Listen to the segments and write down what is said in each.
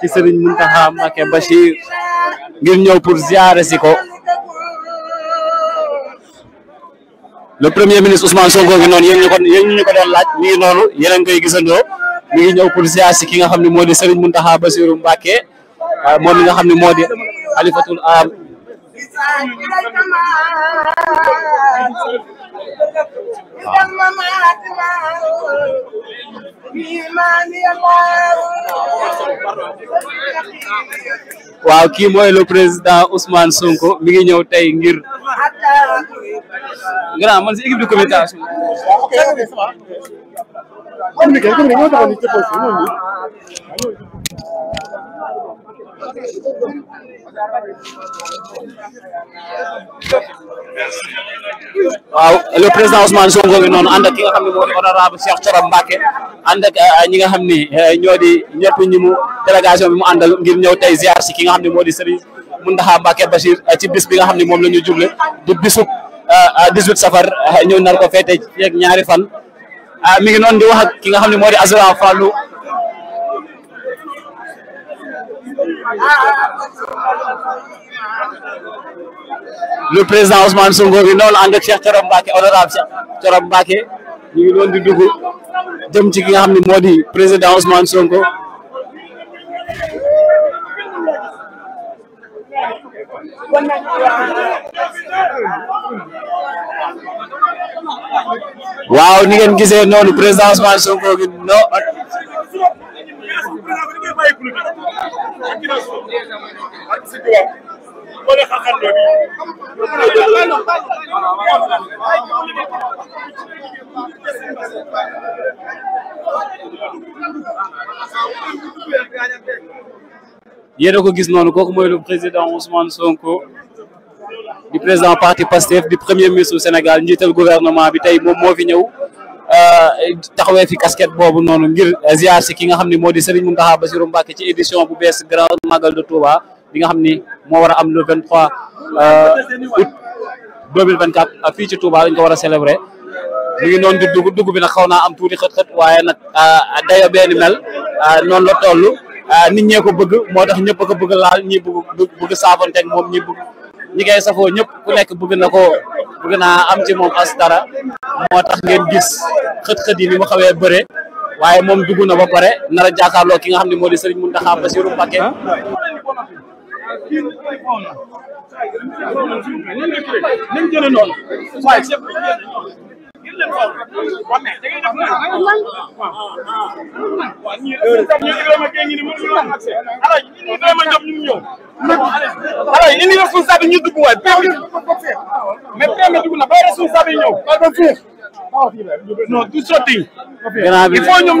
ci Serigne Mountakha Mbacké Bachir ngir ñëw pour ziare si ko le premier ministre Ousmane Sonko ngi noonu yéen ñu ko yéen ñu ko doon laaj mi ngi noonu ñëw pour ki nga xam ne moo di Serigne Mountakha Bassirou Mbacké moom mi nga xam ne moo di am waaw waaw kii mooy le président Ousmane Sonko mi ngi ñëw tey ngir grand man si équipe de communication waaw le président Ousmane Sonko ngi noonu ànd ak ki nga xam ni mooy honorable Cheikh Thioro Mbacké ànd ak euh, ñi nga xam ne euh, ñoo di ñëpp ñi mu délégation bi mu àndal ngir ñëw tey ziar si ki nga xam ne moo di Serigne Mountakha Mbacké Bachir euh, ci bis bi nga xam ne moom la ñu juble di bisub 18 safar ñëw nar ko feete ñaari fan mi ngi noonu di wax ki nga xam ne moo di Azra le président Ousmane Sonko bi noonu ànd ak Cheikh Thioro Mbacké honorable Cheikh di dugg jëm ci ki nga xam ne moo di président Ousmane Sonko. waaw ni ngeen gisee noonu président Ousmane Sonko gi noonu. ginnaaw suuf gis noonu kooku mooy le président Ousmane Sonko di président parti Pastef di premier ministre du Sénégal njiital gouvernement bi tey moom moo fi ñëw. Euh, taxawee fi kasket boobu noonu ngir ziar si ki nga xam ne moo di Serigne Mountakha Bassirou Mbacké ci édition bu bees Grand Magal de Touba bi xam ni moo war a am le 23 euh, août 2024 fii ci Touba dañ ko war a célébrer mu noonu di dugg bi nag xaw naa am tuuti xët-xët waaye nag euh, dayo benn mel noonu la toll nit ñee ko bëgg moo tax ñëpp a ko bëgg laal ñi bëgg bëgg saafonteeg moom ñi bëgg ñi koy safoo ñëpp ku nekk bëgg na ko bëgg naa am ci moom as dara moo tax ngeen gis xët-xët yi ni mu xawee bëre waaye moom dugg na ba pare nar a jàkkaarloo ki nga xam ne moo di Serigne Mountakha Bassirou Mbacké nañ jëlee noonu ala yi indi responsable ñu dugg waay mais premier ba responsable ñëw non du sotti il faut ñoom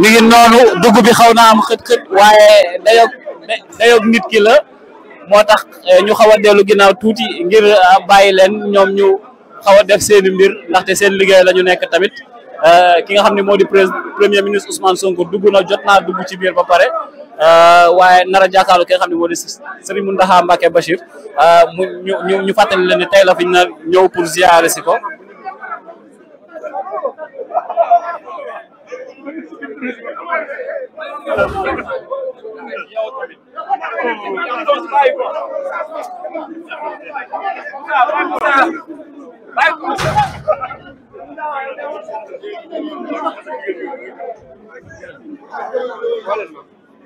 mi ngi noonu dugg bi xaw na am xët xët waaye dayoog dayoog nit ki la moo tax eh, ñu xaw a dellu ginnaaw tuuti ngir eh, bàyyi leen ñoom ñu xaw a def seeni mbir ndaxte seen liggéey la ñu nekk tamit eh, ki nga xam ne moo di premier ministre Ousmane Sonko dugg na jot naa dugg ci biir ba pare Euh, waaye nara a jàkkaarloo ki nga xam ne moo di Serigne Mountakha Mbacké Bachir euh, ñu ñu fàttali leen ne tey la fi ñu si ko.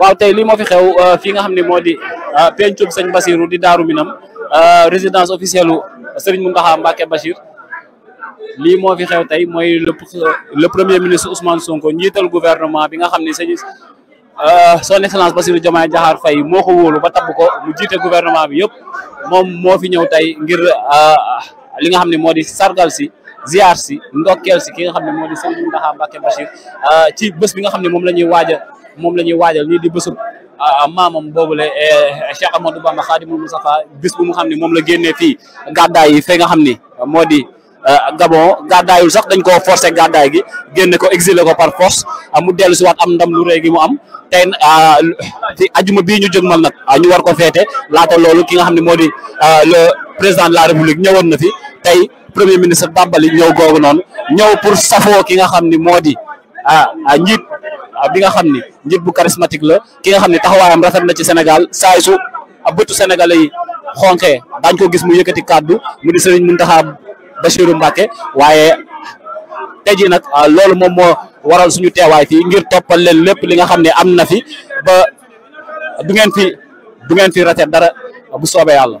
waaw tey lii moo fi xew euh, fii nga xam ni moo di euh, pencum sëñ Basiru di Daaru Minam euh, résidence officielle u Sëriñ Muntaxa Mbàkke Bachir lii moo fi xew tey mooy le le premier ministre Ousmane Sonko njiital gouvernement bi nga xam ne sëñ euh, son excellence Bassirou Diomaye Diakhar Faye moo ko wóolu ba tabb ko mu jiite gouvernement bi yëpp moom moo fi ñëw tey ngir euh, li nga xam ne moo di sargal si ziar si ndokkeel si ki nga xam ne moo di sëñ Mountakha euh, bés bi nga xam ne moom la ñuy waaja moom la ñuy waajal lii di bésub maamam boobule Cheikh Amadou Bamba Khadimou Moustapha bés bu mu xam ni moom la génnee fii gàddaay yi fe nga xam ni moo di Euh, Gabon gàddaayul sax dañ koo forcé gàddaay gi génne ko exilé ko par force ah, mu dellu si waat am ndam lu rëy gi mu am tey ajuma ah, bii ñu jëgmal nag ah, ñu war ko feete laata loolu ki nga xam ne moo di le président la république ñëwoon na fi tey premier ministre Bambali ñëw googu noonu ñëw pour safoo ki nga xam ni moo di ah njiit bi nga xam ni njiit bu charismatique la ki nga xam ne taxawaayam rafet na ci Sénégal saay su bëtu sénégalais yi xonqee dañ ko gis mu yëkkati kàddu mu di Serigne Mountakha Bachirou mbake waaye te jii nag ah, loolu moom waral suñu teewaay fii ngir toppal leen lépp li nga xam ne am na fi ba du ngeen fi du ngeen fi rate dara bu soobee yàlla.